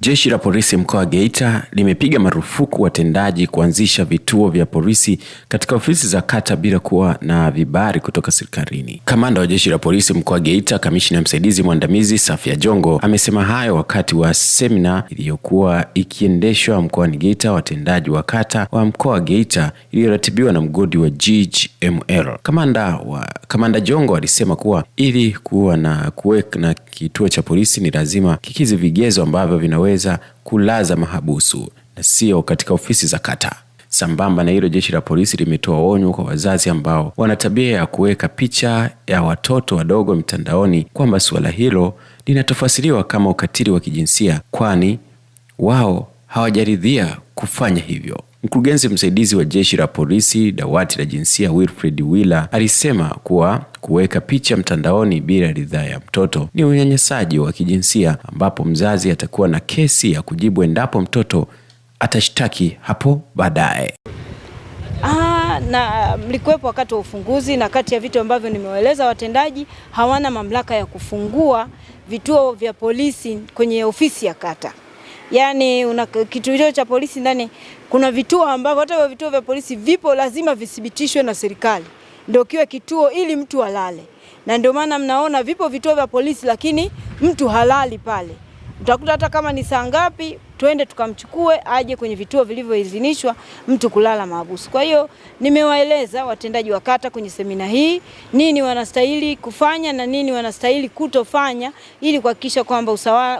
Jeshi la polisi mkoa wa Geita limepiga marufuku watendaji kuanzisha vituo vya polisi katika ofisi za kata bila kuwa na vibali kutoka serikalini. Kamanda wa jeshi la polisi mkoa wa Geita, kamishina msaidizi mwandamizi Safia Jongo amesema hayo wakati wa semina iliyokuwa ikiendeshwa mkoani Geita watendaji wa kata wa mkoa wa Geita iliyoratibiwa na mgodi wa GGML. Kamanda wa Kamanda Jongo alisema kuwa ili kuwa na kuweka na kituo cha polisi ni lazima kikizi vigezo ambavyo vina wanaweza kulaza mahabusu na sio katika ofisi za kata. Sambamba na hilo, jeshi la polisi limetoa onyo kwa wazazi ambao wana tabia ya kuweka picha ya watoto wadogo mitandaoni kwamba suala hilo linatafasiriwa kama ukatili wa kijinsia, kwani wao hawajaridhia kufanya hivyo. Mkurugenzi msaidizi wa jeshi la polisi dawati la jinsia Wilfred Wila alisema kuwa kuweka picha mtandaoni bila ridhaa ya mtoto ni unyanyasaji wa kijinsia ambapo mzazi atakuwa na kesi ya kujibu endapo mtoto atashtaki hapo baadaye. Ah, na mlikuwepo wakati wa ufunguzi, na kati ya vitu ambavyo nimewaeleza watendaji, hawana mamlaka ya kufungua vituo vya polisi kwenye ofisi ya kata yani una kitu hicho cha polisi ndani. Kuna vituo ambavyo hata vituo vya polisi vipo, lazima vithibitishwe na serikali ndio kiwe kituo ili mtu alale, na ndio maana mnaona vipo vituo vya polisi, lakini mtu halali pale. Utakuta hata kama ni saa ngapi, twende tukamchukue aje kwenye vituo vilivyoidhinishwa mtu kulala mahabusu. Kwa hiyo nimewaeleza watendaji wa kata kwenye semina hii nini wanastahili kufanya na nini wanastahili kutofanya ili kuhakikisha kwamba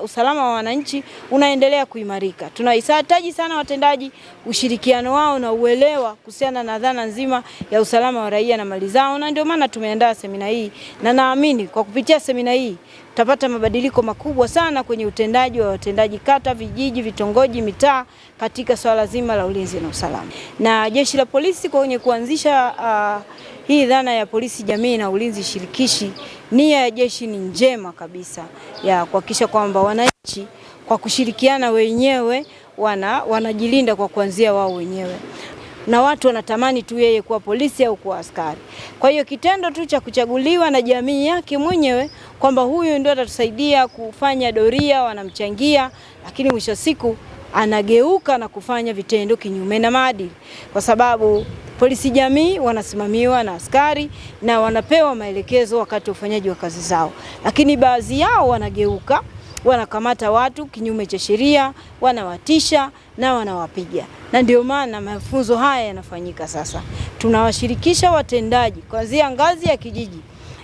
usalama wa wananchi unaendelea kuimarika. Tunahitaji sana watendaji, ushirikiano wao na uelewa kuhusiana na dhana nzima ya usalama wa raia na mali zao, na ndio maana tumeandaa semina hii na naamini kwa kupitia semina hii tutapata mabadiliko makubwa sana kwenye utendaji wa watendaji kata, vijiji, vitongoji, mitaa katika swala zima la ulinzi na usalama. Na jeshi la polisi kwenye kuanzisha uh, hii dhana ya polisi jamii na ulinzi shirikishi, nia ya jeshi ni njema kabisa ya kuhakikisha kwamba wananchi kwa kushirikiana wenyewe wana, wanajilinda kwa kuanzia wao wenyewe na watu wanatamani tu yeye kuwa polisi au kuwa askari. Kwa hiyo kitendo tu cha kuchaguliwa na jamii yake mwenyewe kwamba huyu ndio atatusaidia kufanya doria, wanamchangia, lakini mwisho siku anageuka na kufanya vitendo kinyume na maadili, kwa sababu polisi jamii wanasimamiwa na askari na wanapewa maelekezo wakati wa ufanyaji wa kazi zao, lakini baadhi yao wanageuka wanakamata watu kinyume cha sheria, wanawatisha na wanawapiga, na ndio maana mafunzo haya yanafanyika sasa. Tunawashirikisha watendaji kuanzia ngazi ya kijiji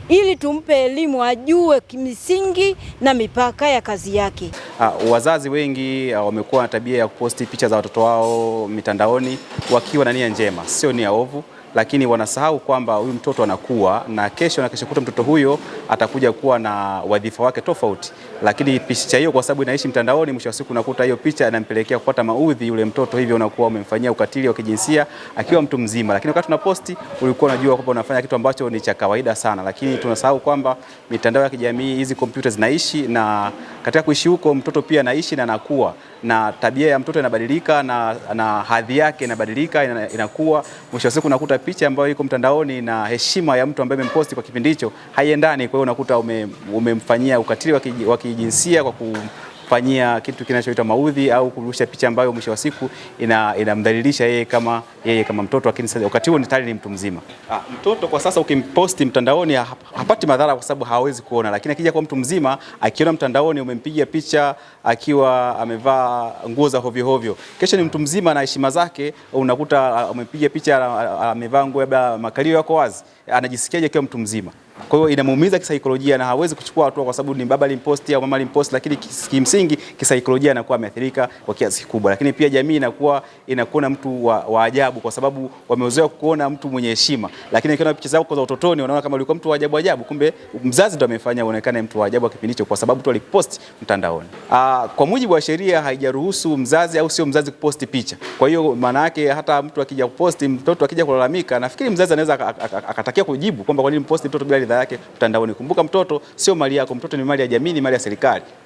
ili tumpe elimu ajue misingi na mipaka ya kazi yake. Ha, ah, wazazi wengi ah, wamekuwa na tabia ya kuposti picha za watoto wao mitandaoni wakiwa na nia njema, sio nia ovu lakini wanasahau kwamba huyu mtoto anakuwa na kesho na kesho kuta mtoto huyo atakuja kuwa na wadhifa wake tofauti, lakini picha hiyo kwa sababu inaishi mtandaoni, mwisho wa siku unakuta hiyo picha inampelekea kupata maudhi yule mtoto, hivyo unakuwa umemfanyia ukatili wa kijinsia akiwa mtu mzima. Lakini wakati unaposti ulikuwa unajua kwamba unafanya kitu ambacho ni cha kawaida sana, lakini tunasahau kwamba mitandao ya kijamii, hizi kompyuta zinaishi, na katika kuishi huko mtoto pia anaishi na anakuwa na tabia ya mtoto inabadilika na, na hadhi yake inabadilika inakuwa, mwisho wa siku unakuta picha ambayo iko mtandaoni na heshima ya mtu ambaye amemposti kwa kipindi hicho haiendani. Kwa hiyo unakuta ume, umemfanyia ukatili wa kijinsia kwa ku kufanyia kitu kinachoitwa maudhi au kurusha picha ambayo mwisho wa siku inamdhalilisha ina yeye kama, yeye kama mtoto, lakini wakati huo tayari ni mtu mzima. Ah, mtoto kwa sasa ukimposti mtandaoni hapati madhara kwa sababu hawezi kuona, lakini akija kwa mtu mzima akiona mtandaoni umempiga picha akiwa amevaa nguo za hovyo hovyo, kesho ni mtu mzima na heshima zake, unakuta ah, umempiga picha ah, amevaa nguo labda makalio yako wazi anajisikiaje akiwa mtu mzima. Kwa hiyo inamuumiza kisaikolojia na hawezi kuchukua hatua, kwa sababu ni baba alimposti au mama alimposti, lakini kimsingi kisaikolojia anakuwa ameathirika kwa kiasi kikubwa. Lakini pia jamii inakuwa inakuona mtu wa, wa ajabu, kwa sababu wamezoea kuona mtu mwenye heshima, lakini ikiona picha zako za utotoni wanaona kama ulikuwa mtu wa ajabu ajabu, kumbe mzazi ndo amefanya uonekane mtu wa ajabu kipindi hicho, kwa sababu tu aliposti mtandaoni. Aa, ah, kwa mujibu wa sheria haijaruhusu mzazi au sio mzazi kuposti picha. Kwa hiyo maana yake hata mtu akija kuposti, mtoto akija kulalamika, nafikiri mzazi anaweza akataka hakia kujibu kwamba kwa nini mposti mtoto bila ridhaa yake mtandaoni. Kumbuka mtoto sio mali yako, mtoto ni mali ya jamii, ni mali ya serikali.